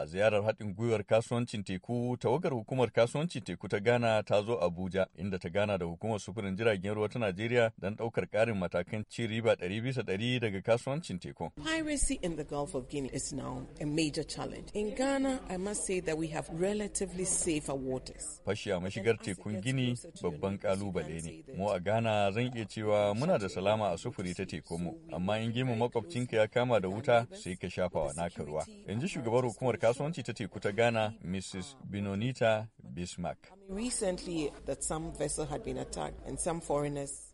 A ziyarar haɗin gwiwar kasuwancin teku, tawagar hukumar kasuwancin teku ta Ghana ta zo Abuja, inda ta gana da hukumar sufurin jiragen ruwa ta Najeriya don ɗaukar ƙarin matakan ci riba ɗari bisa ɗari daga kasuwancin teku. Piracy in the Gulf of Guinea is now a major challenge. In Ghana, I must say that we have relatively safer waters. Fashi a mashigar tekun Gini babban kalubale ne. Mu a Ghana zan iya cewa muna da salama a sufuri ta tekunmu amma in gemu makwabcinka ya kama da wuta sai ka shafa wa naka ruwa. yanzu shugabar hukumar kasuwanci ta teku ta Ghana, Mrs. Binonita Bismarck.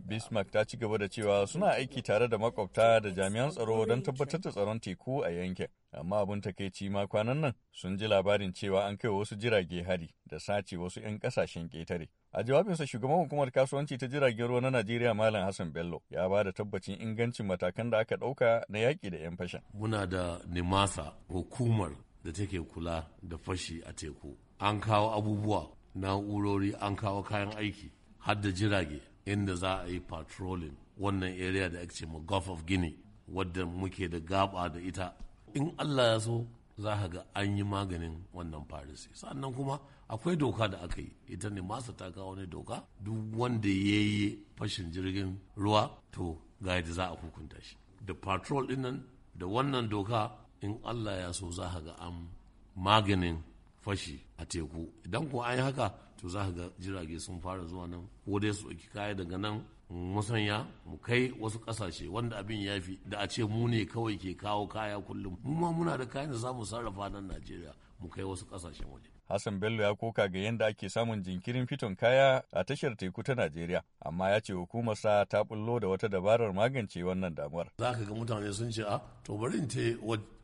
Bismarck ta ci gaba da cewa suna aiki tare da makwabta da jami'an tsaro don tabbatar da tsaron teku a yankin. Amma abin takaici ma kwanan nan sun ji labarin cewa an kai wasu jirage hari da sace wasu 'yan kasashen ketare A jawabinsa shugaban hukumar kasuwanci ta jiragen ruwa na Najeriya Malam Hassan Bello ya ba da tabbacin ingancin matakan da aka ɗauka na yaki da 'yan fashin. Muna da nimasa hukumar da take kula da fashi a teku an kawo abubuwa na'urori an kawo kayan aiki har da jirage inda za a yi patrolin wannan area da ake mu gulf of guinea wadda muke da gaba da ita in allah ya so za ka ga an yi maganin wannan farisi sannan kuma akwai doka da aka yi ita ne masa ta kawo ne doka duk wanda ya yi fashin jirgin ruwa to ga yadda za a hukunta shi da patrol dinnan da wannan doka in allah ya so za ga an maganin fashi a teku idan kuwa an yi haka to za ga jirage sun fara zuwa nan ko dai su ɗauki kaya daga nan musanya mu kai wasu ƙasashe wanda abin ya fi da a ce mu ne kawai ke kawo kaya kullum mu ma muna da kayan da za sarrafa nan najeriya mu kai wasu ƙasashen waje Hassan Bello ya koka ga yadda ake samun jinkirin fiton kaya a tashar teku ta Najeriya, amma ya ce hukumar sa ta bullo da wata dabarar magance wannan damuwar. Za ka ga mutane sun ce, a ah, to bari te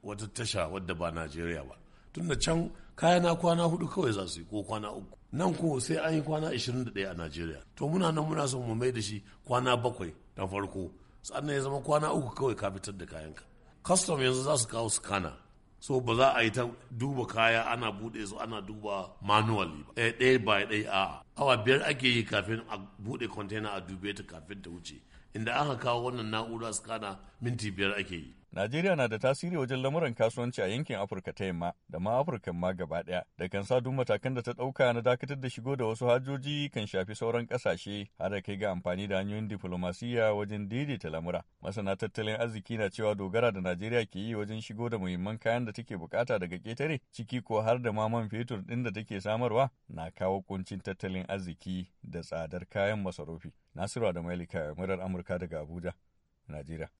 wata tasha wadda ba Najeriya ba. Tun da can kayana kwana hudu kawai za su yi ko kwana uku nan ko sai an yi kwana 21 a najeriya to muna nan muna son mu mai da shi kwana bakwai na farko sannan ya zama kwana uku kawai ka fitar da kayanka custom yanzu za su kawo scanner so ba za a yi ta duba kaya ana bude su ana duba manually ba eh, ɗaya ɗaya ba ɗaya a awa biyar ake yi kafin a bude container a dube ta kafin ta wuce inda aka kawo wannan na'ura scanner minti biyar ake yi Najeriya na da tasiri wajen lamuran kasuwanci a yankin Afirka ta yamma da ma Afirka ma gaba ɗaya da kan sa duk matakan da ta ɗauka na dakatar da shigo da wasu hajoji kan shafi sauran ƙasashe har da kai ga amfani da hanyoyin diflomasiyya wajen daidaita lamura. Masana tattalin arziki na cewa dogara da Najeriya ke yi wajen shigo da muhimman kayan da take bukata daga ƙetare ciki ko har da ma man fetur ɗin da take samarwa na kawo kuncin tattalin arziki da tsadar kayan masarufi. Nasiru da Malika murar Amurka daga Abuja, Najeriya.